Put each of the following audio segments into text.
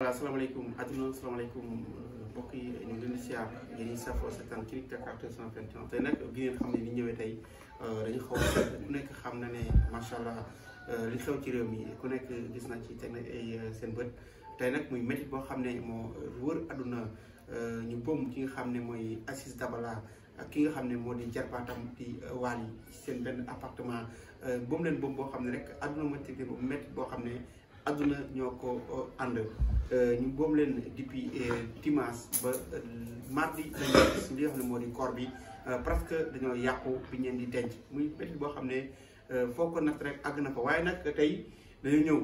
voilà asalaamaaleykum adduna asalaamaaleykum euh, mbokk yi ñu ngi leen di siyaar yéen ñi safoo seetaan Click Dakar 221 tey nag bi ngeen xam ne ni ñëwee tey euh, dañu xaw ku nekk xam na ne macha allah euh, li xew ci réew mi ku nekk gis na ci te ne seen bët tey nag muy métti boo xam ne moo wër adduna ñu boom ki nga xam ne mooy Aziz Dabala ak ki nga xam ne moo di jarbaatam di yi seen benn appartement boom leen boom boo xam ne rek adduna ma tëddee bu métti boo xam ne. àdduna ñoo ko uh, ànd uh, ñu boom leen depuis uh, dimanche ba mardi si li nga xam ne moo di koor bi presque dañoo yàqu bi ñeen di denc muy métti boo xam ne foo ko nag rek àgg na ko waaye nag tey dañu ñëw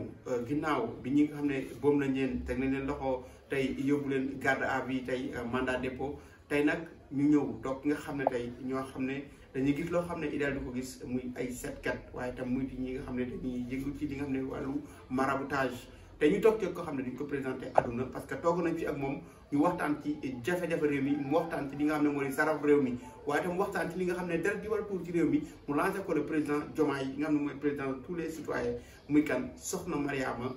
ginnaaw bi ñu xam ne boom nañ leen teg nañ leen loxo tey yóbbu leen garde à vue tey mandat dépôt tey nag ñu ñëw toog nga xam ne tey ñoo xam ne dañuy gis loo xam ne idéal di ko gis muy ay setkat waaye itam muy di ñi nga xam ne dañuy yëngu ci li nga xam ne wàllu maraboutage te ñu toog ko xam ne dañ ko présenté àdduna parce que toog nañ fi ak moom ñu ci jafe-jafe réew waxtaan ci li nga xam ne mooy saraf réew mi waaye itam waxtaan ci li nga xam ne dara di war tuur ci réew mi mu lancé ko le président Diomaye yi nga xam ne mooy président de tous les citoyens muy kan soxna Mariama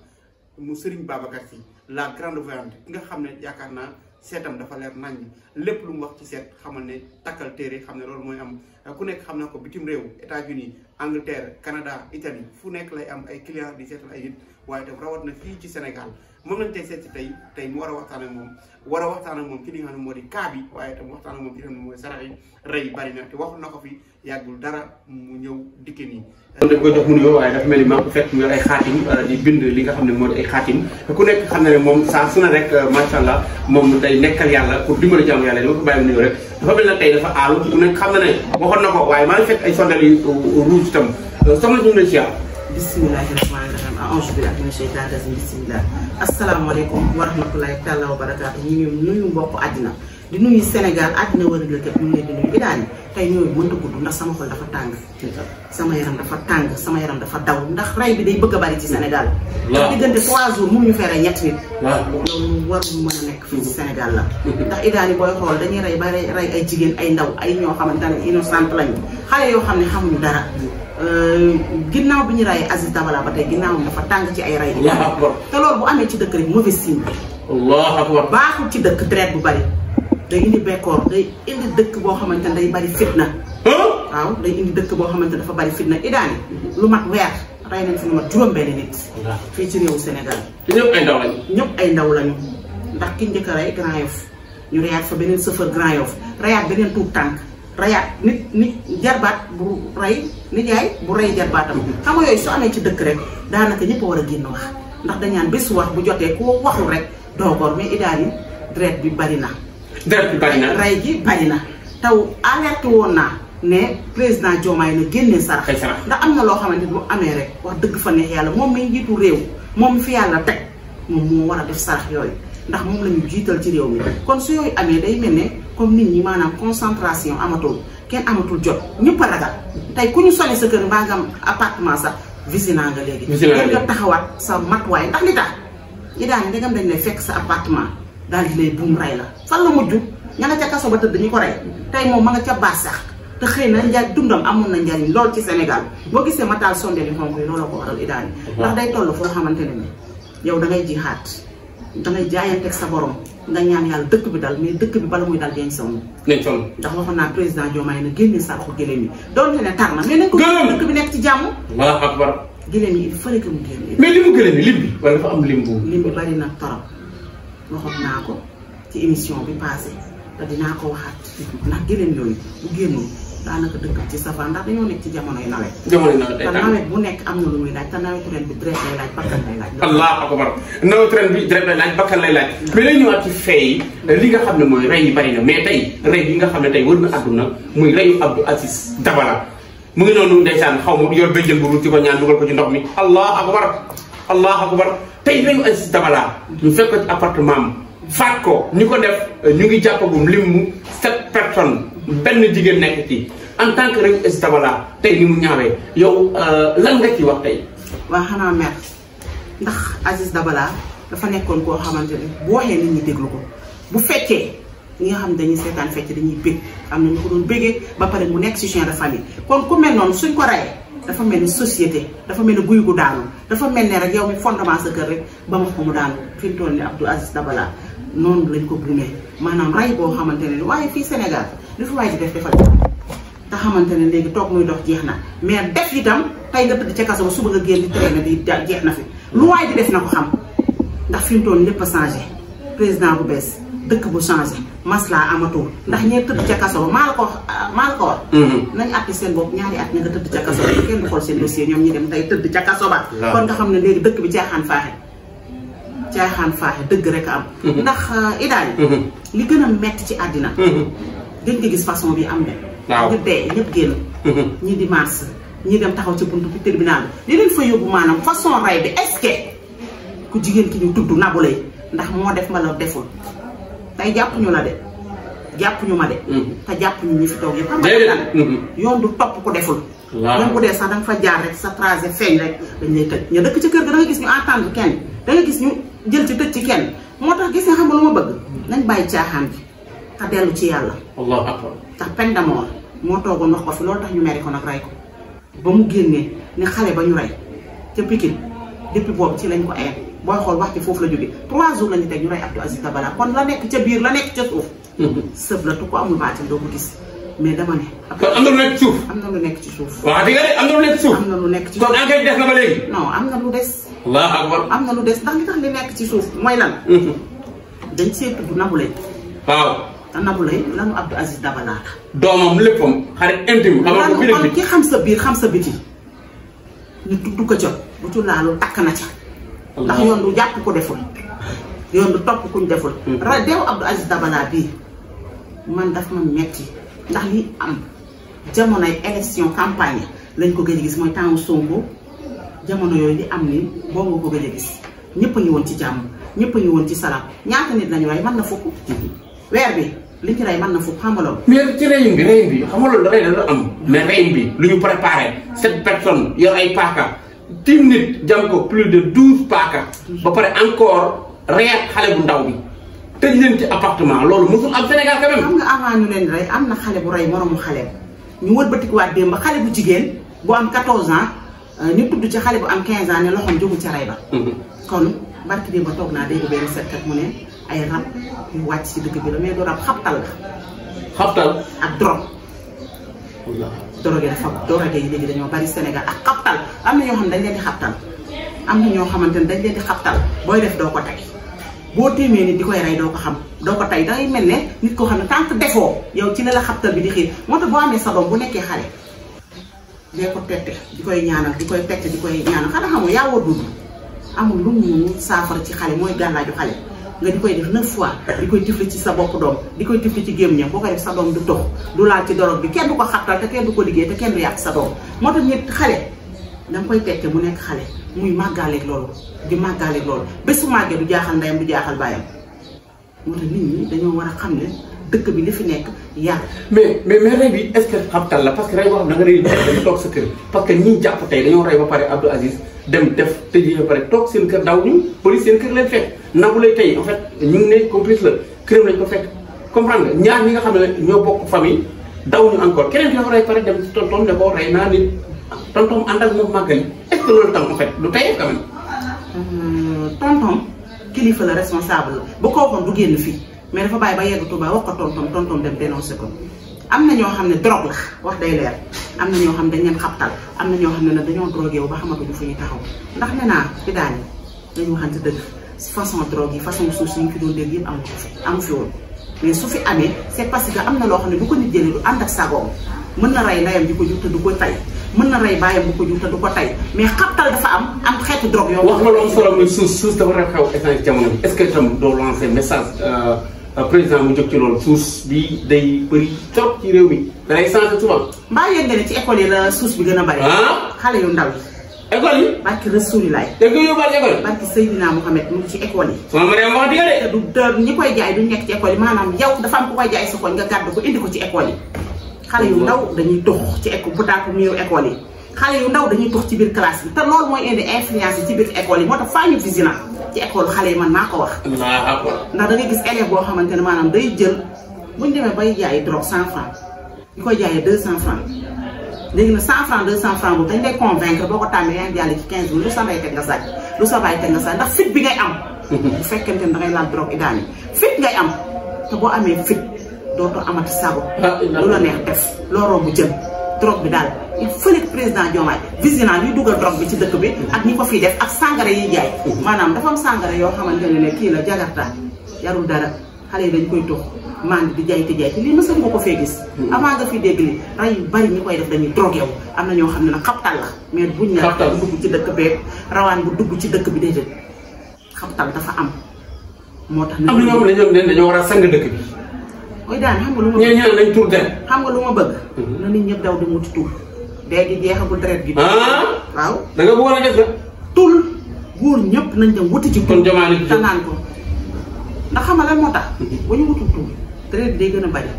mu Serigne Babacar Sy la grande voyante nga xam ne yaakaar naa seetam dafa leer naññ lépp lu mu wax ci seet xamal ne takkal téere xam ne loolu mooy am ku nekk xam na ko bitim réew États-Unis Angleterre Canada Italie fu nekk lay am ay clients di seetal ay nit waaye itam rawat na fii ci Sénégal moom lañ tey seet si tey tey mu war a waxtaan moom war a waxtaan moom ci li ne moo di kaa bi waaye itam waxtaan ak moom ci li nga xam ne mooy sarax yi rey bari na te waxul na ko fi yàggul dara mu ñëw dikke nii. kon dañ koy waaye dafa mel ni maa ngi fekk mu yor ay xaatim euh, di bind li nga xam ne moo di ay xaatim ku nekk xam na moom saa su ne rek euh, macha allah moom day nekkal yàlla pour dimbali jàmm yàlla dama ko bàyyi mu nuyoo rek. dafa ne tey dafa aalu na ne waxoon na ko waaye maa ngi fekk ay sondel yu euh, rouge itam soxna si ngi lay ziar. bismillahi rahmaani rahim a'uuzu billahi mina shaytaani rajiim bismillah asalaamaaleykum wa rahmatulahi taala wa barakaatu ñu ngi nuyu mbokk di nuyu Sénégal àddina war a jotee ñu ngi leen di nuyu Idaali tey ñooñu mënta gudd ndax sama xol dafa tàng. sama yaram dafa tàng sama yaram dafa daw ndax ray bi day bëgg a bari ci Sénégal. waaw diggante trois fee rey ñett nit. waaw loolu warul nekk fii ci Sénégal la. ndax Idaali booy xool dañuy rey ba rey ay jigéen ay ndaw ay ñoo xamante ne innocent lañu xale yoo xam ne xamuñu dara. Euh, ginnaaw bi ñu rey Aziz Dabala ba tey ginnaawam dafa tàng ci ay rey. te loolu bu amee ci dëkk rek mauvais signe. allahu akbar baaxul ci dëkk deret bu bari day indi bekkoor day indi dëkk boo xamante ne day bari fitna. waaw day indi dëkk boo xamante ne dafa bari fitna idaani lu mat weer rey nañ fi lu mat juróom-benn nit. fii ci réewu Sénégal. ñëpp ay ndaw lañu. ñëpp ay ndaw lañu ndax ki njëkk a rey Grand Yoff ñu reyaat fa beneen chauffeur Grand Yoff reyaat beneen tuut tànk reyaat nit nit jarbaat bu rey nijaay bu rey jarbaatam. Mhm. xam nga yooyu su amee ci dëkk rek daanaka ñëpp a war a génn wax ndax dañaan bés wax bu jotee ku waxul rek doogoor mais idaani deret bi bari na. deret bi bari na rey jii bari na taw alerte woon naa ne président Diomaye na génne sarax ndax am na loo xamante bu amee rek wax dëgg fa neex yàlla moom mi njiitu réew moom fi yàlla teg moom moo war a def sarax yooyu ndax moom la ñu jiital ci réew mi kon su yooyu amee day mel ne comme nit ñi maanaam concentration amatul kenn amatul jot ñëpp a ragal tey ku ñu sone sa kër mbaa nga am appartement sax visinaa nga léegi nga taxawaat sa matuwaay ndax li tax yi daan ndegam dañ lay fekk sa appartement daal di lay buum rey la fan la mujj ña nga ca kaso ba dañu ko rey tey moom ma ca baas sax te xëy na njaay dundam amoon na njariñ lool ci Sénégal boo gisee ma taal sondeel yu xonk yi ko waral idaani ndax day toll foo xamante ne ni yow da ngay jihaat da ngay jaayanteeg sa borom nga ñaan yàlla dëkk bi dal mais dëkk bi bala muy dal denc sa woon. denc sa woon ndax waxoon na génne sàrxu gëléem yi doonte ne tar na nekk ci jàmm. waaw akbar. gëléem yi li mu gëléem yi lim bi lim bi bari na torop waxoon naa ko ci émission bi passé te dinaa ko waxaat ndax gëléem yooyu dëkk ci safar ndax dañoo nekk ci jamonoy nawet. jamonoy nawet te nawet bu nekk am na lu muy laaj te nawetu ren bi direct lay laaj bakkan lay laaj. allahu akbar nawetu bi direct lay laaj bakkan lay laaj. ci fee li nga xam ne mooy rey yi bari na mais tey rey yi nga xam ne tey wër na àdduna muy reyu Abdou Aziz Dabala mu ngi noonu ndeysaan xaw ma yor jël bu ruut ci ko ñaan dugal ko ci ndox mi allah akbar allahu akbar tey même Aziz Dabala ñu fekk ko ci appartement faat ko ñu ko def euh, ñu ngi jàppagum lim mu set personnes benn jigéen nekk ci en tant que rek Aziz Dabala tey ni mu ñaawee yow euh, lan nga ci wax tey waa xanaa mer ndax Aziz Dabala dafa nekkoon koo xamante ne bu waxee nit ñi déglu ko bu fekkee ñi nga xam ne dañuy seetaan fecc dañuy bég am na ñu ko doon bégee ba pare mu nekk ci chien de famille kon ku mel noonu suñ ko rayee dafa mel ni société dafa mel ni guy gu daanu dafa mel ni rek yow mi fondement sa kër rek ba wax ko mu daanu fi mu toll ni Abdou Aziz Dabala noonu lañu ko brûlé maanaam ray boo xamante ne waaye fii Sénégal li fi waay di def defal te xamante ne léegi toog muy dox jeex na mais def itam tey nga tëdd ca kaso ba suba nga génn di traîner di jeex na fi lu waay di def na ko xam ndax fi mu toll lépp a président bu bees dëkk bu changé maslaa amatul ndax ñee tëdd ca kaso ba maa la ko wax ko wax mhm. nañ àtte seen bopp ñaari at ña nga tëdd ca kaso ba seen dossier ñoom dem tey tëdd ca kaso ba kon nga xam ne léegi dëkk bi caaxaan faaxe caaxaan faaxe dëgg rek am mhm. ndax euh, idaal mhm. li gën a metti ci àddina gën nga gis façon bi am de ñu dee ñëpp génn ñi di mars ñi dem taxaw ci buntu bi tribunal bi li leen fa yóbbu maanaam façon rey bi est ku jigéen ki ñu tudd Nabou Leye ndax moo def mbala deful jàpp ñu la de jàpp jàppuñu ma de. Mhm. te jàppuñu ñu fi toog yëpp xam nga mhm. yoon du topp ku deful. waaw même dee sax da fa jaar rek sa trajet feeñ rek dañ lay tëj ñu dëkk ci kër ga da gis ñu entendre kenn da nga gis ñu jël ci tëj ci kenn moo tax gis nga xam nga lu ma bëgg. nañ bàyyi caaxaan bi te dellu ci yàlla. allahu akbar ndax peine de mort moo toogoon wax ko fi loolu tax ñu mere ko nag rey ko ba mu génnee ne xale ba ñu rey ca Pikine depuis boobu ci lañ ko ayal. booy xool wax foofu la jógee trois jours la ñu teg ñu rey Abdou Aziz Dabala kon la nekk ca biir la nekk ca suuf. Mhm. sëb la tu ko amul baatin doo ko gis mais dama ne. kon am na lu nekk ci suuf. am na lu nekk ci suuf. waaw di nga ne am na lu nekk ci suuf. am na lu am na lu des. am na lu des ndax li tax li ci suuf mooy lan. Mhm. dañ see tudd Nabou Leye. waaw. te namu Leye lanu Abdou Aziz Dabala la. doomam léppam xarit intime. xamal ko bi ki xam sa biir xam sa biti. ñu tudd ko ca bu ci laalu takk na ca. ndax yoon du jàpp ku deful yoon du topp kuñ deful hmm. rajo Abdou Aziz Dabala bii man daf ma metti ndax ni am jamonoy élection campagne lañ ko gëj a gis mooy temps Sonko jamono yooyu li am ni boobu nga ko gëj a gis ñëpp a woon ci jàmm ñëpp a woon ci salaam ñaata nit lañu rey mën na fukk weer bi li ñu ci rey mën na fukk xamaloon mais ci reyin bi reyin bi xamaloon da am mais reyin bi lu ñu préparé sept personne yor ay paaka dix minutes jam ko plus de douze paaka ba pare encore reyaat xale bu ndaw bi tëj leen appartement loolu mosul am Sénégal quand même. xam nga avant ñu leen rey am na xale bu rey moromu xale ñu wëlbatikuwaat démb xale bu jigéen bu am quatorze ans euh, ñu tudd ci xale bu am quinze ans ne loxoom jógu ca rey ba. Mhm. kon barki démb toog naa dégg benn seetkat mu ne ay rab yu wàcc si dëkk bi la mais du rab xabtal la. xabtal ak drog. drogué dafa drogué yi léegi dañoo bari Sénégal ak xabtal am na ñoo xam ne dañ leen di xabtal am na ñoo xamante ne dañ leen di booy def doo ko tey boo téemee nit di koy rey doo ko xam doo ko tey dangay mel ne nit koo xam ne tant que defoo yow ci la la xabtal bi di xiir moo tax boo amee sa doom bu nekkee xale dee ko tette di koy ñaanal di koy tette di koy ñaanal xanaa xamul yaa war dund amul lu mu saafara ci xale mooy gàllaaju xale nga di koy def neuf fois di koy tifli ci sa bopp doom di koy tifli ci géem ñam boo def sa doom du tox du laal ci dorog bi kenn du ko xattal te kenn du ko liggéey te kenn du yàq sa doom moo tax ñett xale da nga koy tette mu nekk xale muy màggaaleeg loolu di màggaaleeg loolu bés su màggee du jaaxal ndeyam du jaaxal baayam moo tax nit ñi dañoo war a xam ne dëkk bi li fi nekk yàlla. mais mais bi est-ce la parce que rey boo xam ne da que ñi jàpp tey dañoo rey ba pare Abdou Aziz dem def tëjee ba pare toog seen kër ndaw ñu police seen kër leen fekk. nangu lay tey en fait ñu ngi ne complice la këram lañ ko fekk comprendre nga ñaar ñi nga xam ne ñoo bokk famille daw ñu encore keneen ki ko rey pare dem ci tonton ne ko rey naa nit tonton ànd ak moom màggali est tam lu tey quand même. Euh, tonton kilifa bu ko waxoon fii mais dafa ba yegg Touba wax ko tonton tonton dem dénoncé ko am na ñoo xam ne drogue la wax day leer am na ñoo xam ne dañ leen xabtal am na ñoo xam ne nag dañoo drogué wu ba xamatuñu fu ñuy taxaw ndax nee naa fi daañu dëgg. façon drogue yi façon suuf si ñu fi doon dégg yëpp amu fi amu fi woon mais su fi amee c' est que am na loo xam ne bu ko nit jëlee du ànd ak sagoom mën na rey ndeyam di ko jur te du ko tay mën na rey bàyyam bu ko jur du ko tay mais xaptal dafa am am xeetu drogue yoo. wax nga loolu solo muy suuf suuf dafa war a xew échange jamono bi est ce que itam doo message euh, euh, président mu jot ci loolu suuf bi day bëri trop ci réew mi. da lay changé souvent. mbaa yëg nga école yi la suuf bi gën bëri. xale yu ndaw yi. école yi. barki Rasulilaay. da école yi. barki Seydina Mohamed mu ci école yi. sama Mariam koy jaay du nekk ci dafa am ku koy jaay sa koñ nga gàddu ko indi ko ci école yi. ndaw dañuy dox ci école bu tàkku mu ñëw école yi. yu ndaw dañuy dox ci biir classe bi te loolu biir école yi moo tax faa ñu vigilant ci école xale yi man maa ko wax. ndax da gis élève boo xamante ne maanaam day jël bu ñu demee bay jaay drogue cent francs di koy jaayee deux cent francs léegi cent 100 francs 200 francs boobu dañ lay convaincre boo ko tàmmee yaa ngi jàll ci 15 jours lu sa mbay teg nga saaj lu sa mbay nga ndax fit bi ngay am. bu fekkente ne dangay laal drogue idaani fit ngay am te boo amee fit dootoo amati sago. Ah, lu la neex def loo romb jëm drogue bi daal il faut que président Diomaye vigilant ñuy dugal drogue bi ci dëkk bi ak ñi ko fii def ak sangare yi jaay. maanaam dafa am yoo xamante ne ne kii la jagarta yarul dara xale yi dañ koy toog. mànd di jaay te jaay te lii mës nga ko fee gis. Hmm. avant nga fi dégg li rey yu bari ñu koy def dañuy drogué am na ñoo xam ne nag xabtal la. mais buñ ne xabtal bu ci dëkk beeg rawaan bu dugg ci dëkk bi déedéet xabtal dafa am. moo na ñoo xam ne ñoom dañoo war a sang dëkk bi. mooy daan lañ tur dem. xam nga lu ma bëgg. Hmm. na nit ñëpp daw di muti tur. dee gi jeexagul deret gi. Ah? waaw da nga bëggoon a def rek. tul góor ñëpp nañ dem wuti ci. kon jamaanu ji te naan ko ndax xam nga lan moo tax. Hmm. bu ñu wutul tur deret bi day gën a bari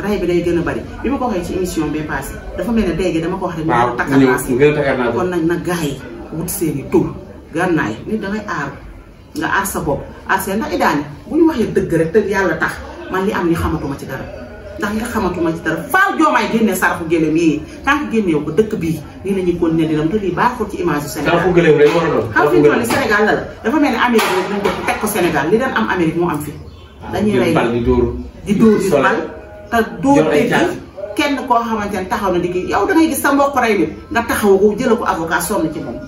ray bi day gën a bari bi ma ko waxee ci émission bi passé dafa mel ne dégg dama ko wax rek. waaw ñu kon nag na gaa yi wut seen i tur gànnaay nit dangay aar nga aar sa bopp aar seen ndax idaani bu ñu waxee dëgg rek te yàlla tax man li am ni xamatuma ci dara ndax li xamatuma ci dara faaw joomaay génne saraxu gëléem yi tant que génneew ko dëkk bii nii la ñuy continuer di dem te lii baaxul ci image yu Sénégal saraxu gëléem rek war na xam fi ñu toll Sénégal la la dafa mel ne Amérique rek dañ ko teg ko Sénégal li daan am Amérique moo am fi dañuy rey di dóor yu mal te dóor tëj kenn koo xamante ne taxaw na di kii yow da ngay gis sa mbokk rey nit nga taxaw ko jëla ko avocat sonn ci moom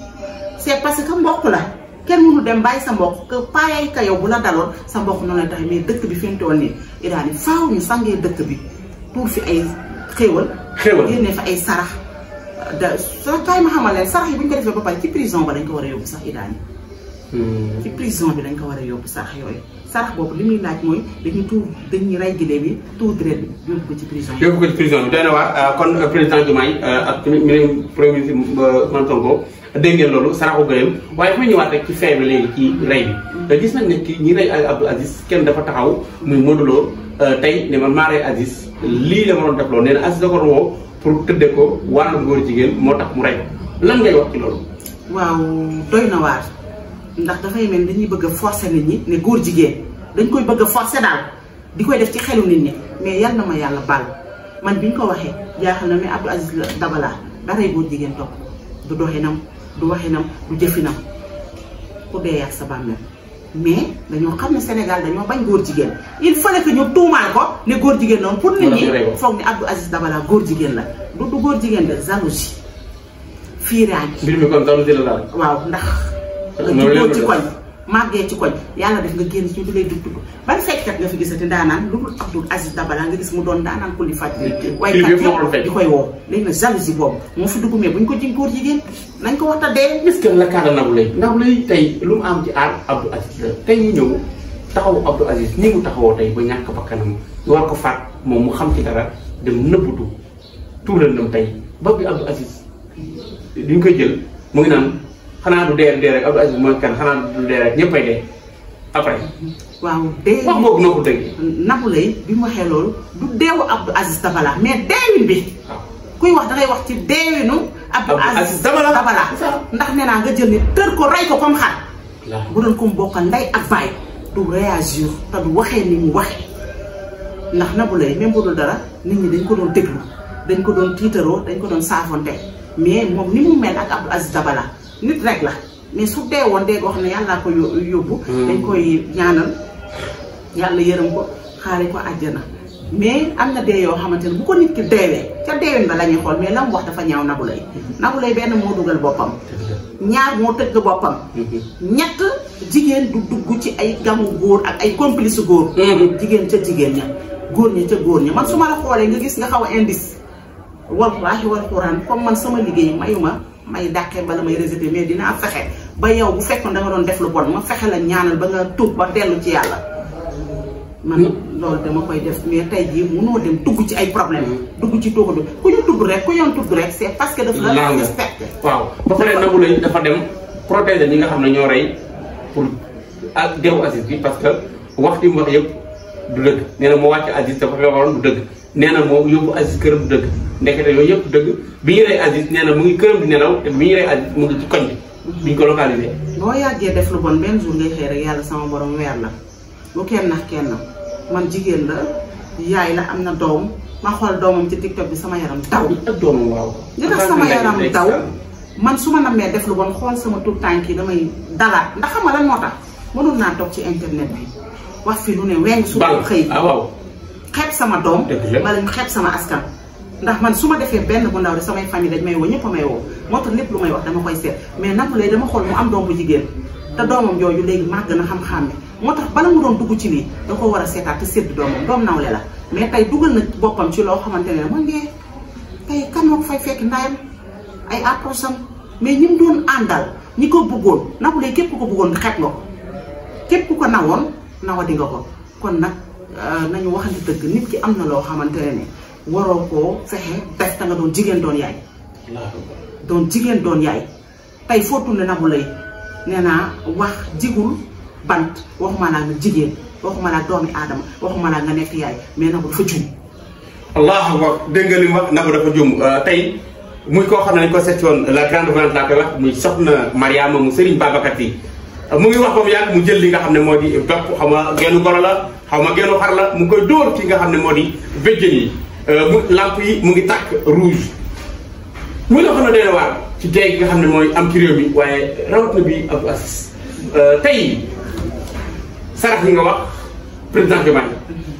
c'est parce que mbokk la kenn mënu dem bàyyi sa mbokk que paayay ka yow bu la daloon sa mbokk noonu la tax mais dëkk bi fi mu toll nii Iran yi faaw ñu sangee dëkk bi pour fi ay xéewal xéewal génne fa ay sarax da soo kaay ma xamal leen sarax yi bu ñu ko defee ba pare ci prison ba dañ ko war a yóbbu sax Iran yi hmm. ci prison bi dañ ko war a yóbbu sarax yooyu sarax boobu li muy laaj mooy dañuy tuur dañuy rey gileem yi tuur deret bi yóbbu ko ci prison yóbbu ko ci prison bi doy na waar euh, kon euh, président Diomaye euh, ak ministre premier ministre Ousmane Sonko loolu saraxu gëleem waaye fu ñëwaat rek ci fee bi léegi ci rey bi gis nañ ne ki ñi rey Abdou Aziz kenn dafa taxaw muy Modou tey ne man maa rey Aziz lii la ma doon def loolu nee na Aziz da ko woo pour tëddee ko wàllu góor jigéen moo tax mu rey lan ngay wax ci loolu waaw doy na waar ndax dafay mel dañuy bëgg a forcer nit ñi ne góor jigéen dañ koy bëgg a forcer daal di koy def ci xelu nit ñi mais yal na ma yàlla baal man bi ñu ko waxee jaaxal na mais Abdou Aziz la Dabala daray góor jigéen topp du doxinam du waxinam du jëfinam ku dee yàq sa bàmmeel mais dañoo xam ne Sénégal dañoo bañ góor jigéen il fallait que ñu tuumaal ko ne góor jigéen noonu pour nit ñi foog ni Abdou Aziz góor jigéen la du jigéen de jalousie fiiraan mbir mi waaw ndax nga juddoo ci koñ màggee ci koñ yàlla def nga génn ñu di lay dugg ban fekkat nga fi gisati ndaanaan lu dul gis mu doon ndaanaan ku li faj waykat di koy woo léegi nag jalousie boobu moo fi dugg mais buñ ko jëm góor jigéen nañ ko waxta dee est-ce que la kaara Nabou Leye Nabou Leye lu mu am ci aar Abdoul taxaw Abdoul Aziz ni mu taxawoo tey ba ñàkk bakkanam ñu war ko faat moom mu xam ci dara dem nëbbutu tuural nam tey ba bi Abdoul Aziz duñ koy jël mu ngi naan xanaa du dee dee rek Abdou Aziz mooy kan xanaa du dee rek ñëppay bi mu waxee loolu du deewu Abdou Aziz Dabala mais bi. Ah. kuy wax dangay wax ci deewinu. Abdou Aziz Dabala Dabala ndax ne naa nga jël ni tër ko rey ko comme xar. bu doon ko bokkal ndey ak baay du réagir te du waxee ni mu waxee ndax naku lay même bu dara nit ñi dañ ko doon déglu dañ ko doon tiitaroo dañ ko doon saafonte mais moom ni mu mel ak Abdou Aziz Dabala. nit rek la mais su dee woon dee goo xam ne yàllaa ko yóbbu hmm. dañ koy ñaanal yàlla yërëm ko xaare ko àjjana mais am na dee yoo xamante ne bu ko nit ki ba la ñuy xool mais la mu dafa ñaaw nagu lay hmm. nagu lay benn moo dugal boppam hmm. ñaar moo tëgg boppam ñett jigéen du dugg ci ay gamu góor ak ay complice góor jigéen ca jigéen ña góor ña ca góor ña man su ma la xoolee nga gis nga xaw a indice wallaahi wal xuraan comme man sama liggéey mayuma may dàqe bala may rejeté mais dinaa fexe ba yow bu fekkoon da nga doon def lu bon ma fexe la ñaanal ba nga tuub ba dellu ci yàlla man hmm? loolu dama koy def mais tey jii munoo dem dugg ci ay problème dugg ci tuuxu bi ku ñu tudd rek ku yoon tudd rek parce que dafa la respecté waaw ba pare nagu lay dafa dem protéger ñi nga xam ne ñoo rey pour ak deewu Aziz bi parce que wax di mu wax yëpp du dëgg nee na mu wàcc Aziz dafa feebaroon du dëgg nee na moom yóbbu Aziz këram dëgg ndekete yooyu yëpp dëgg bi ñu rey Aziz nee na mu ngi këram di nelaw te bi ñu rey Aziz mu ngi ci koñ bi. bi ñu ko localisé. boo yàggee def lu bon benn jour ngay xëy rek yàlla sama borom weer la lu kenn nax kenn man jigéen la yaay la am na doom ma xool doomam ci tiktok bi sama yaram daw. ak doomam waaw. li tax sama yaram man su ma nammee def lu bon xool sama tout tànk yi damay dalaat ndax xam nga lan moo tax mënoon naa toog ci internet bi wax fi lu ne weng. su xeeb sama doom wala ñu xeeb sama askan ndax man su ma defee benn bu ndaw rek samay famille dañ may woo ñëpp a moo tax lépp lu may wax dama koy seet mais napp lay dama xool mu am doom bu jigéen te doomam jooju léegi màgg na xam-xam ne moo tax bala mu doon dugg ci lii da war a seetaat te sédd doomam doom nawle la mais tey dugal na boppam ci loo xamante ne man de tey kan moo ko fay fekk ndayam ay approcham mais ñi mu doon àndal ñi ko bëggoon napp lay képp ku ko bëggoon xeeb nga képp ku ko nawoon nawa di nga ko kon nag Euh, nañu waxante dëgg nit ki am na loo xamante ne waroo ko fexe perte nga doon jigéen doon yaay. doon jigéen doon yaay tey foo tourné Nabou Leye nee naa wax jigul bant waxuma laa nga jigéen waxuma laa doomi aadama waxuma laa nga nekk yaay mais Nabou dafa juum. allahu akbar dégg mu wax Nabou dafa juum euh, tey muy koo xam ne dañu ko seet woon la grande laa koy wax muy soxna Mariama mu Serigne Babacar yi mu ngi wax ba mu yàgg mu jël li nga xam ne moo di bépp xaw ma geenu xaw ma geenu xar la mu koy dóor ci nga xam ne moo di béjjën yi euh, mu làmp yi mu ngi tàkk rouge muy loo xam ne dana ci dee gi nga xam ne mooy am ci réew mi waaye rawat na bi Abdou Aziz euh, tey sarax yi nga wax président Diomaye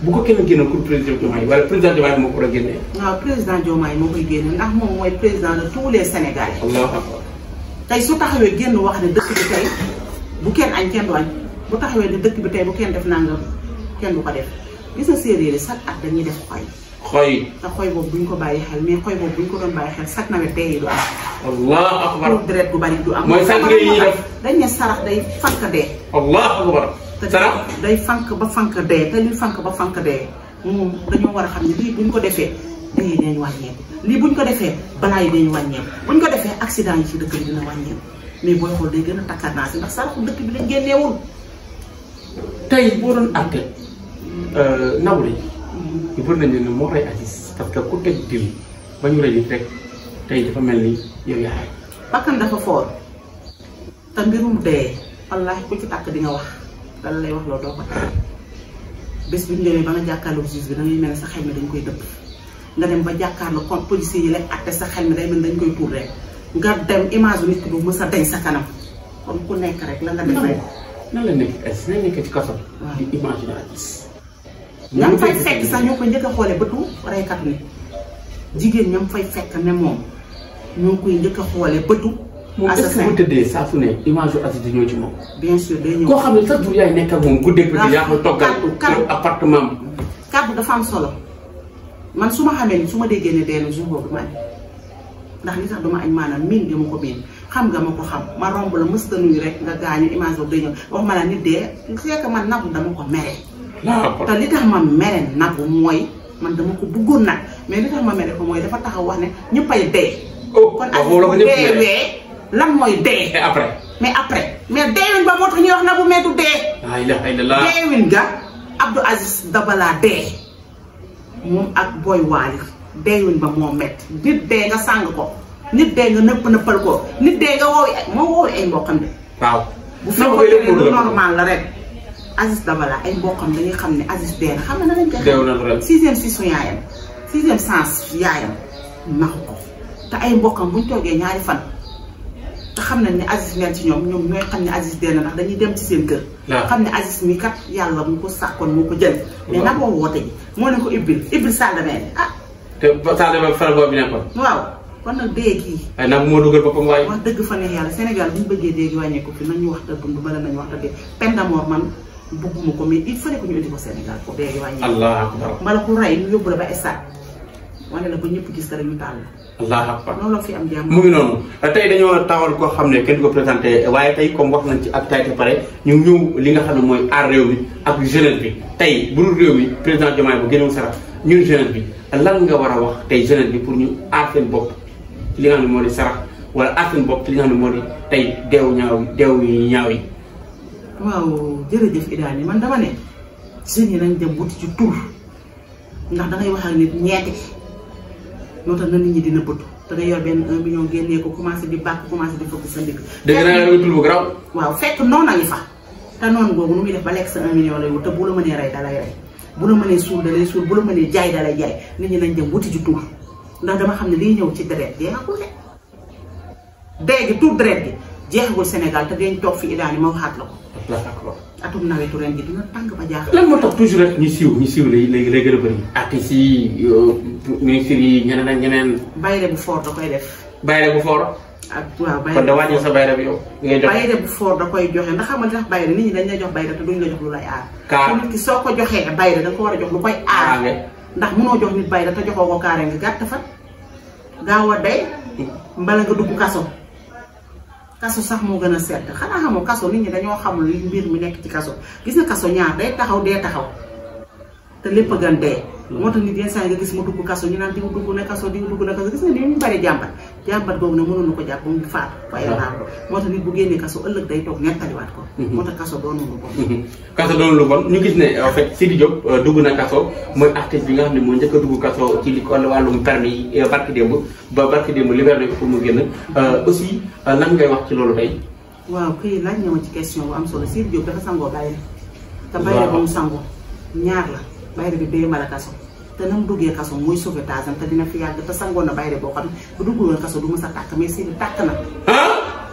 bu ko kenn génnoon pour président Diomaye wala président Diomaye moo ko war a génnee. waaw président Diomaye moo koy génne ndax moom mooy président de tous les Sénégalais. allahu akbar tey su taxawee génn wax ne dëkk bi tey. bu kenn añ kenn du añ bu taxawee ne dëkk bi tey bu kenn def naa nangam kenn du ko def gis na séeréer yi chaque at dañuy def xoy. xoy te xoy boobu buñ ko bàyyi xel mais xoy boobu bu ñu ko doon bàyyi xel chaque nawet tey du am. allahu akbar bu bari du am. mooy sànq yi ñuy def dañ ne sarax day fank dee. allahu akbar day fank ba fank dee te luy fank ba fank dee moom dañoo war a xam ne lii bu ko defee dee dañu lii bu ko defee balaa yi dañu wàññeeku bu ñu ko defee accident yi ci dëkk dina wàññeeku. mais booy xool day gën a takkar naa si ndax saraxu dëkk bi lañ génneewul tey boo doon àtte euh, nawle yi ñu mm-hmm. bëri nañ ne moo rey Aziz parce que ku teg diw ba ñu rey nit rek tey dafa mel ni yow yaay bakkan dafa foor te mu dee wallaahi ku ci tàkk di nga wax dala lay wax loolu doo ko tàkk bés bi ñu demee ba nga jàkkaarloo juge bi da mel ne sa xel mi dañ koy dëpp nga dem ba jàkkaarloo kon policier yi lay àtte sa xel mi day mel dañ koy tuur rek nga dem image nit ki du mës a sa kanam kon ku nekk rek la nga na rek. la nekk est na nekk ci kaso. waaw di imaginer artiste. ñam fay fekk sax ñoo ko njëkk a xoolee bëtu reykat ni jigéen ñam fay fekk ne moom ñoo koy njëkk a xoolee bëtu. assassin moom est-ce que saa su ne image yu artiste ñoo ci moom. bien sûr day ñëw koo xam ne chaque jour yaay nekk ak ku guddeeg bi yaa ko toggal appartement am. dafa am solo man su ma xamee ni su ma déggee ne dee na jour boobu ma ndax ni tax dama añ maanaam miin gi ma ko miin xam nga ma ko xam ma romb la mës ta nuyu rek nga gaañu image boobu day ñëw wax ma la nit dee fekk man nabu dama ko mere te li tax ma mere nabu mooy man dama ko bëggoon nag mais li ma ko mooy dafa taxaw wax ne ñëppay dee oh, kon ak deewee lan mooy dee après mais après mais deewin ba moo tax ñuy wax nabu meetu dee deewin ga Abdou Aziz Dabala dee moom ak Boy Waly beeyuñ ba moo mett nit dee nga sàng ko nit dee nga nëpp nëppal ko nit dee nga woowi ay moo woowi ay mboqam de. waaw bu fekkoon lu normal la rek. Aziz Dabala ay mboqam xam ne Aziz dee na xam na lañ koy. deew na lu rëb sixième six yaayam sixième sens yaayam ko te ay mboqam buñ toogee ñaari fan. te xam nañ ne Aziz mel ñoom ñoom ñooy ne Aziz dee na ndax dañuy dem ci seen kër. xam ne Aziz mi kat yàlla mu ko sàkkoon moo ko jël. mais nag moo woote ji moo leen ko ibbil ibbil sàll ah. te Sadio Ba fara bi nekkoon. waaw kon nag dee kii. ay naam moo dugal boppam waaye. wax dëgg fa ne yàlla Sénégal bu ñu bëggee dee wàññeeku fi nañu wax te dund bala nañu wax te dee peine de mort man bëgguma ko mais il fallait que ñu indi ko Sénégal ko dee gi wàññeeku. allah akbar mbala ku rey yóbbu la ba stade wane la ba ñëpp gis ko rek ñu taal la. allah akbar looloo fi am jàmm. mu ngi noonu tey dañoo xam ne kenn ko présenté waaye tey comme wax nañ ci ak tay te pare ñu ñëw li nga xam ne mooy aar réew mi ak jeunesse bi tey bu dul réew mi président Diomaye bu génnoon sara ñun jeunesse bi lan nga war a wax tey jeunesse bi pour ñu aar seen bopp ci li nga xam ne moo di sarax wala aar bopp ci li nga xam ne moo di tey deew ñaaw deewu yi ñaaw yi. waaw jërëjëf yi man dama ne jeunes yi nañ dem wuti ci tur ndax dangay wax ak nit ñeete loo tax na ñi dina bëtu te nga yor benn un million génnee ko commencé di bàq commencé di fëgg sa ndigg. dëgg naa la bu garaaw. waaw fekk noonu a ngi fa te noonu boobu nu muy def ba lekk sa un million lay wut te bu la mënee rey bu la mënee suul dalay suul bu ma mënee jaay dalay jaay nit ñi nañ dem wuti ji tuur ndax dama xam ne liy ñëw ci deret jeexagul de dee gi tuur deret gi jeexagul Sénégal te dañ toog fi Idaani ma waxaat la ko. atum nawetu ren gi dina tàng ba jaaxal. lan moo tax toujours rek ñu siiw ñu siiw léegi léegi a bëri. artistes yi euh, ministres yi ñeneen ak ñeneen. bayre bu fort da koy def. bayre bu fort. ak waaw bayre kon da wàññi sa bayre bi yow. ngay bu fort da koy joxe ndax xam nga li nit ñi dañ lay jox bayre te duñ la jox lu lay aar. kaar nit ki soo ko joxee bayre da nga ko war a jox lu koy aar. ndax mënoo jox nit da te joxoo ko kaare nga gàtt fa gaaw a day. mbala nga dugg kaso. kaso sax moo gën a sedd xanaa xamoo kaso nit ñi dañoo xamul li mbir mi nekk ci kaso gis nga kaso ñaar day taxaw dee taxaw te lépp a gën dee. moo tax nit yenn saa nga gis mu dugg kaso ñu naan diw dugg na kaso diw na kaso gis nga ni ñu jàmbat jàmbat boobu nag mënoon na ko jàpp ba mu faatu ah. waaye laa ko moo tax nit bu génnee kaso ëllëg day toog nettaliwaat ko mhm. moo tax kaso doonu lu bon mhm. kaso doonu lu bon ñu gis ne en fait euh, dugg na kaso mooy artiste bi nga xam ne moo njëkk a dugg kaso ci li ko wàllum permis euh, barki démb ba barki démb libéré ko mu génn euh, aussi lan ngay wax ci loolu tey waaw kii laaj nga ma ci question bu am solo Sidi Diop dafa sangoo bàyyi te bàyyi ba mu sangoo ñaar la bi bee mala kaso te na mu duggee kaso mooy sauvetage am te dina fi yàgg te sangoon na bayre boo xam bu duggul woon kaso du mës a tàkk mais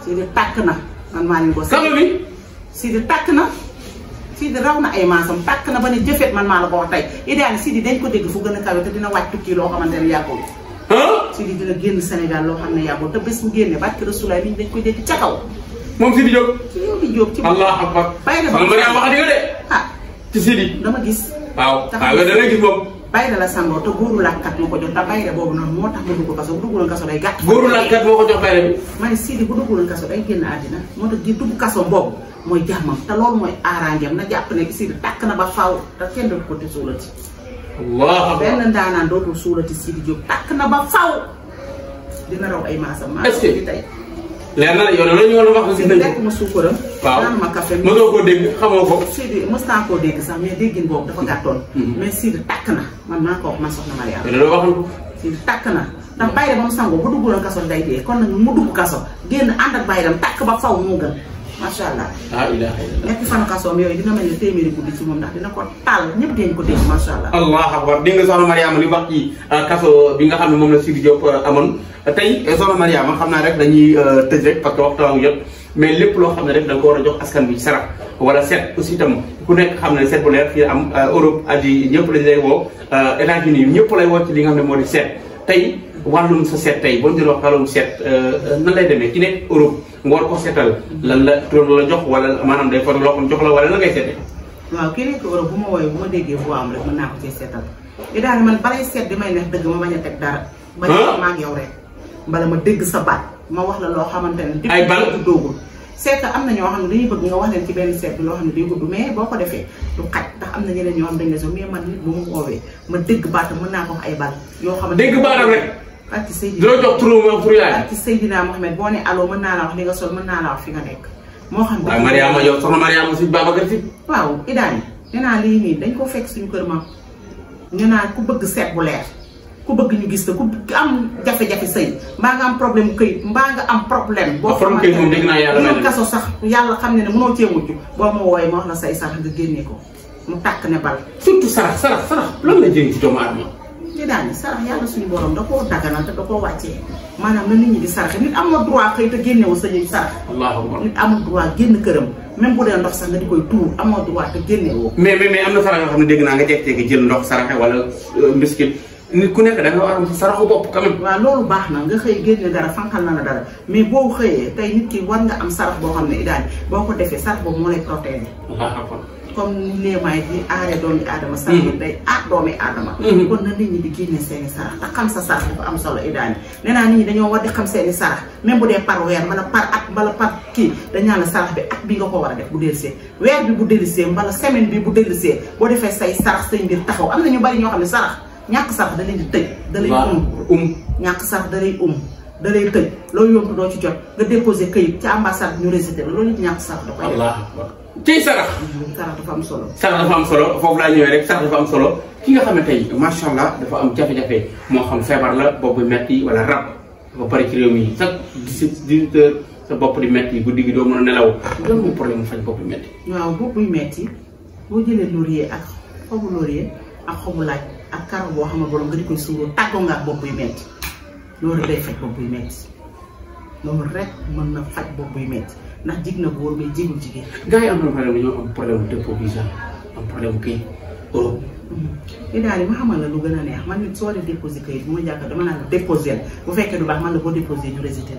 Sidi tàkk na. na man maa leen ko. kaba bi Sidi tàkk na. ay maasam tàkk na ba ne jëfet man maa la ko wax tey idéal Sidi dañ ko dégg fu gën a kawe te dina wàcc tukki loo xamante ne yàggul. Sidi dina génn Sénégal loo xam ne yàggul te bés bu génne barke Rasulaay bi dañ koy dégg ca kaw. moom Sidi Diop. Sidi Diop ci Allah akbar. bàyyi la wax di nga de. ah ci Sidi. dama gis. waaw ah, waaw dana gis moom. bayre la sangoo te góoru làkkat moo ko jox te bayre boobu noonu moo tax mu dugg kaso bu dugguloon kaso day gàtt. góoru làkkat moo ko jox bayre bi. ma ne Sidi bu dugguloon kaso day génn àddina moo tax di dugg kaso boobu mooy jàmmam te loolu mooy aaraangeem na jàpp ne Sidi tàkk na ba faaw te kenn dootu ko te suulati. waaw benn ndaanaan dootul suulati tàkk na ba faaw dina raw ay maasam. est ce maasam bi tey. leer na la yow loolu la ñu war a wax. gis nañu ko lekk ma suukaram. waaw naan ma café mi mënoo koo dégg xamoo ko. Sidi mos naa koo dégg sax mais déggin boobu dafa gàttoon. Mhm. mais Sidi tàkk na man maa ko wax man soxna Mariama. te loolu waxal ko. Sidi tàkk na ndax bàyyi ba mu sangoo bu duggoon kaso day dee kon nag mu dugg kaso génn ànd ak bàyyi ba faw moo gën. macha allah. ah Ilaah Ilaah ñetti fan kasoom yooyu dina mel ne téeméeri guddi ci moom ndax dina ko taal ñëpp dinañ ko dégg macha allah. allah akbar dégg nga li wax ci euh, kaso bi nga xam ne moom la Sidi Diop euh, amoon tey euh, soxna Mariama xam naa rek dañuy tëj rek parce mais lépp loo xam ne rek da ko war a jox askan bi ci wala seet aussi itam ku nekk xam ne seet bu leer fii am Europe Asie ñëpp lañ lay woo États-Unis ñëpp lay woo ci li nga xam ne moo di set tey wàllum sa seet tey boo ñu doon wax wàllum seet nan lay demee ki nekk Europe nga war ko seetal lan la turam la jox wala maanaam day faral loo xam jox la wala la ngay seete waaw kii nekk Europe bu ma woowee bu ma déggee voix am rek ma maa ngi yow rek bala ma dégg sa baat ma wax la loo xamante ne ay bal doogul seet am na ñoo xam ne dañuy bëgg nga wax leen ci benn seet bi loo xam ne day gudd mais boo ko defee du xaj ndax am na ñeneen ñoo xam dañ ne so mais man nit bu ma woowee ma dégg baatam mën naa ko wax ay bal barki Seydina dina jox turu ma pour Mohamed boo ne allo mën naa la wax li nga sol mën naa la wax fi nga nekk. moo xam ne waaye Mariama yow soxna Mariama si Babacar si. waaw Idaani nee naa lii nii dañ koo fekk suñu kër maam nee naa ku bëgg seet bu leer ku bëgg ñu gis te ku am jafe-jafe sëy mbaa nga am problème këyit mbaa nga am problème. boo xamante ne moom dégg naa yàlla mel kaso sax yàlla xam ne ne mënoo cee mujj boo ma wooyee ma wax la say sarax nga génne ko mu tàkk ne bal. surtout sarax ci daani sarax yàlla suñu borom da koo daganal te da koo wàccee maanaam na nit ñi di saraxe nit am na droit xëy te génnewu sañuy sarax nit génn këram même bu dee ndox sax nga di koy tuur amoo droit te génnewoo mais mais mais am na sarax yoo xam ne dégg naa nga jekk-jekk jël ndox saraxe wala euh, mbiskit nit ku nekk da nga war a saraxu bopp quand même loolu baax na nga xëy génne dara fanqal na la dara mais boo xëyee tey nit kii war nga am sarax boo xam ne i daani boo ko defee sarax boobu moo lay protéger comme ni léemaay di aaree doomi aadama aadama mhm. mhm. kon na nit di génne seeni sarax sa sarax dafa am solo idaani nee naa ñi dañoo war di xam seeni sarax même dee par par at mbala par kii dañaan la bi at bi nga ko war a def bu dellisee weer bi bu dellisee mbala semaine bi bu dellisee boo defee say sarax say mbir taxaw am na ñu bari ñoo xam ne sarax ñàkk sarax da leen tëj da lay um um ñàkk sarax da lay um da lay tëj loolu yomb doo ci jot nga déposé këyit ca ambassade ñu récité loolu ñàkk sarax da koy def tey sarax. sarax dafa am solo. sarax dafa am solo foofu laa ñëwee rek sarax dafa am solo ki nga xam ne tey macha allah dafa am jafe-jafe moo xam feebar la bopp bi metti wala rab dafa bari ci réew mi chaque dix sa bopp di metti guddi gi doo mën a nelaw. loolu mooy problème mu faj bopp bi metti. jëlee laurier ak xobu laurier ak xobu ak karaw boo xam ne borom nga di koy sungoo tàggoo nga ak bopp buy metti loolu day faj bopp buy metti loolu rek mën na faj bopp buy metti. ndax jig na góor mais jigul jigéen. gars yi am na problème ñoo am problème dépôt visa am problème kii Europe. li mm-hmm. daal di ma xamal la lu gën a neex man nit soo dee déposé kayit bu ma jàkka dama naan déposé bu fekkee du baax man la boo déposé ñu résulté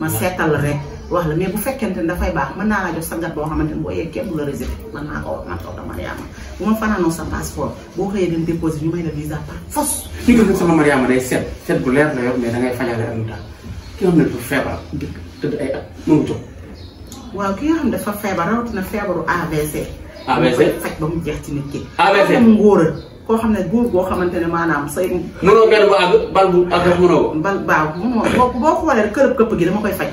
ma seetal la rek wax la mais bu fekkente ne dafay baax mën naa laa jox sangat boo xamante ne boo yee kenn du la résulté man naa ko wax man toog dama Mariama bu ma fanaanoo sa passeport boo xëyee dem déposé ñu may la visa par force. ki nga sama Mariama day seet seet bu leer la yor mais dangay fajale ak lu tax ki nga xam ne dafa feebar dëkk tëdd ay at mu ngi jóg waaw ki nga xam ne dafa feebar rawatina feebaru AVC. AVC faj ba mu jeex ci nit ki. AVC mu ngóor koo xam ne góor goo xamante ne maanaam say. mënoo benn bu àgg bal bu àgg mënoo boo xoolee këlëb këpp gi dama koy faj.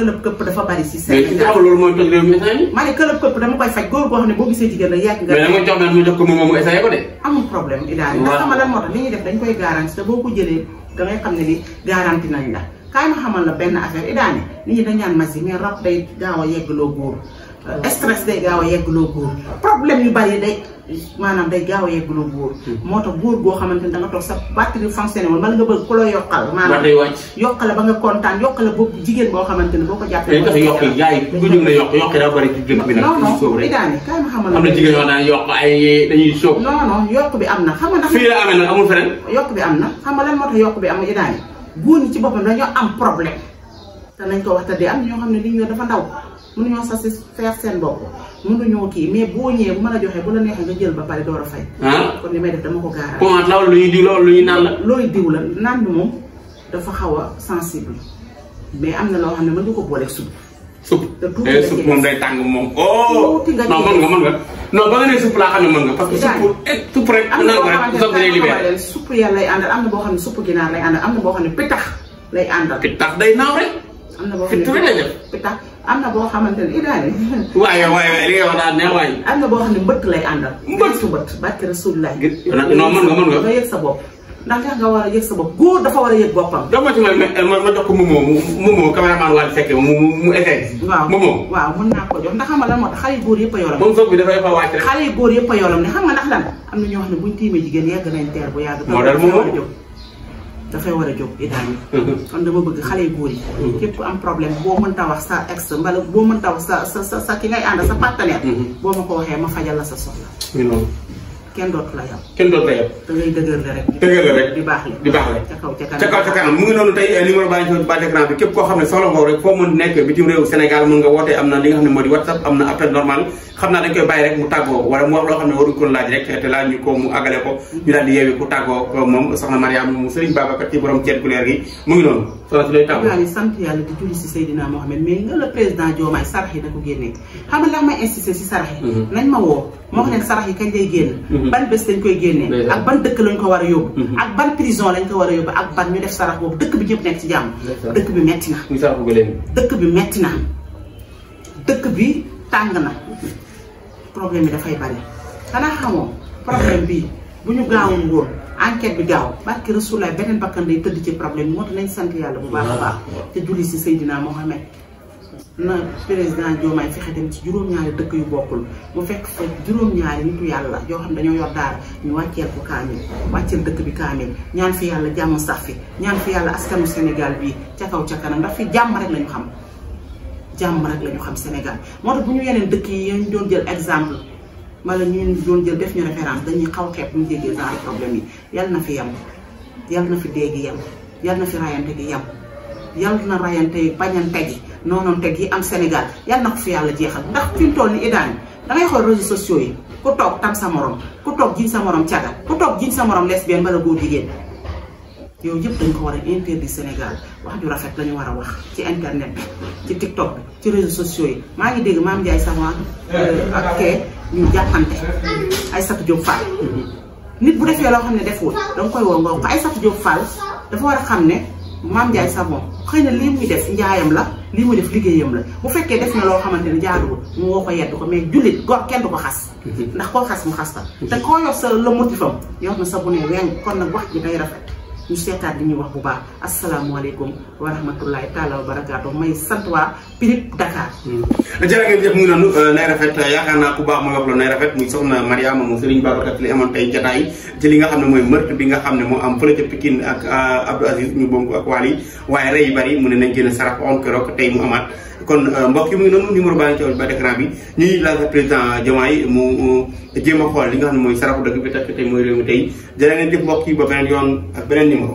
këlëb këpp dafa bari si. Sénégal mais loolu mooy toj réew mi ma ne xam ne boo gisee jigéen la yàgg nga. mais mu jox ko moom mu essayé ko de. amul problème Idaani. waaw ndax xam nga lan moo tax li ñuy def dañ koy garanti te boo ko jëlee da ngay xam ne ni garanti nañ la kaay ma xamal la benn affaire idaane nit ñi dañ naan masi mais rab day gaaw a yeggloo góor ah. stress day gaaw a yeggloo góor problème yu bari day maanaam day gaaw a yeggloo góor hmm. moo tax góor goo xamante ni toog sa batterie fonctionné wul bala nga bëgg ku la yokkal maanaam yokkale ba nga kontaan yokkale boobu jigéen boo xamante ni boo ko jàppee dafa yokk yaay ku jóg na yokk yokk daa bari ci jóg bi nag non non idaane kaay ma xamal la jigéen yoo naan yokk ay dañuy sóob non non bi am na xam nga fii yokk bi am na xam nga yokk bi am idaane góor ñi ci boppam dañoo am problème te nañ ko wax te di am ñoo xam ne li ñu dafa ndaw mënuñoo satisfaire seen bopp mënuñoo kii mais boo ñëwee bu ma la joxee bu la neexee nga jël ba pare door a fay. kon li may def dama ko gaaraat. comment loolu lu ñuy diw lu ñuy naan la. looy diw la naan bi moom dafa xaw a sensible mais am na loo xam ne mën nga ko booleeg suuf. suuf te tuuti eh, nga suuf moom day tàng moom. Oh! tuuti nga non non ba nga ne supp laa xam ne mën nga parce que supp rek am na xam ne supp yàlla lay àndal am na boo xam ne supp ginaar lay àndal am na boo xam ne pitax lay àndal pitax day naaw rek am na boo xam ne pitax xamante ne idaani neex waaye am na boo xam ne lay àndal mbëtt mbëtt barke rasulullah non mën nga mën nga nga sa bopp ndax yaa nga war a yëg sa bopp góor dafa war a yëg boppam. doo ma ci ma ma jox ko Momo Momo caméraman wàllu fekke mu mu mu effet. waaw Momo waaw mën naa ko jox ndax xam nga lan moo tax xale yu góor yëpp a yoram. moom soog bi dafay fa wàcc rek. xale yu góor yëpp a yoram ne xam nga ndax lan am na ñoo xam ne buñ tiimee jigéen yàgg nañ teer bu yàgg. moo dal Momo dafay war a jóg idaani kon dama bëgg xale yu góor yi mm-hmm. képp ku am problème boo mënta wax sa ex mbala boo mënta wax sa sa sa ki ngay ànd sa partenaire mm-hmm. boo ma ko waxee ma fajal la sa soxla kenn dootu la yam kenn la rek dëgër la rek di baax le di baax le ca kaw ca mu ngi noonu tey eh, numéro baa ngi ci bas écran bi képp koo xam ne soxla nga rek foo mën nekk bitim réew Sénégal mën nga wootee am na li nga xam ne moo di whatsapp am na appel normal xam naa dañ koy bàyyi rek mu tàggoo wala mu wax loo xam ne waruñu ko laaj rek te laaj ñu ko mu àggale ko ñu daal di yeewi ku tàggoo moom soxna Mariam moom Serigne Babacar ci borom ceeb couleur gi mu ngi noonu soxna ne sant nga la président Diomaye sarax yi na ko génnee xam mhm. nañ ma woo moo xam ne sarax yi kañ lay génn mhm. ban bés lañ koy génnee ak ban dëkk lañ ko war a yóbbu mhm. ak ban prison lañ ko war a yóbbu ak ban ñu def sarax boobu dëkk bi ñëpp nekk ci jàmm dëkk bi metti na dëkk bi metti na dëkk bi tàng na problème yi dafay bari xanaa xamoo problème bi bu ñu gaawul woon enquête bi gaaw barke Rasulaay beneen bakkan day tëdd ci problème bi moo tax nañ sant yàlla bu baax a baax te julli si Seydina Mohamed na président Diomaye fexe dem ci juróom-ñaari dëkk yu bokkul mu fekk juróom-ñaari nitu yàlla yoo xam dañoo yor daara ñu wàcceel ko kaamil wàcceel dëkk bi kaamil ñaan fi yàlla jàmm sax fi ñaan fi yàlla askanu Sénégal bi ca kaw ca kanam ndax fi jàmm rek lañu xam jàmm rek la xam Sénégal moo tax bu ñu yeneen dëkk yi ñu doon jël exemple wala ñu doon jël def ñu référence dañuy xaw xeeb bu ñu déggee genre problème yi yal na fi yam yal na fi dee gi yem yal na fi rayante gi yem yal na rayante yi bañante gi noonoon teg yi am Sénégal yal na ko fi yàlla jeexal ndax fi mu li ni idaan da ngay xool réseaux sociaux yi ku toog tam sa moroom ku toog jiñ sa morom caga ku toog jiñ sa morom lesbienne wala góor jigéen yooyu yëpp dañ ko war a interdit Sénégal wax ju rafet la ñu war a wax ci internet bi ci TikTok bi ci réseaux sociaux yi maa ngi dégg maam Ndiaye Savon euh, ak kee ñu jàppante defee loo xam ne deful da nga koy woo nga ko Aïssatou Diop dafa war xam ne maam Ndiaye Savon xëy na lii muy def njaayam la lii muy def liggéeyam la bu fekkee def loo xamante ne jaaduwul mu ko yedd ko mais jullit góor kenn du ko xas mhm. ndax koo xas mu xas la te koo yor sa la motifam yor na sa bu ne weng kon nag wax ji day rafet ñu seetaat li ñuy wax bu baax asalaamualeykum wa rahmatullahi taala wa barakaatu may sant waa Pirip Dakar. Hmm. jërë ngeen mu ngi noonu euh, nay rafet yaakaar naa ku baax ma wax la nay rafet muy soxna Mariama moom Serigne Babacar jataay ci nga xam ne mooy meurtre bi nga xam ne moo am fële ca Pikine ak euh, Abdou Aziz ñu bonk ak Waly waaye rey yu bari mu ne nañ gën a sarax on keroog tey mu amaat. kon euh, mbokk yi mu ngi noonu numéro baa ngi ci woon ba d'écran bi ñu ngi laaj président Diomaye mu euh, jéem a xool li nga xam ne mooy saraxu dëkk bi tey tey mooy réew mi tey jërë ngeen yi ba beneen yoon ak beneen numéro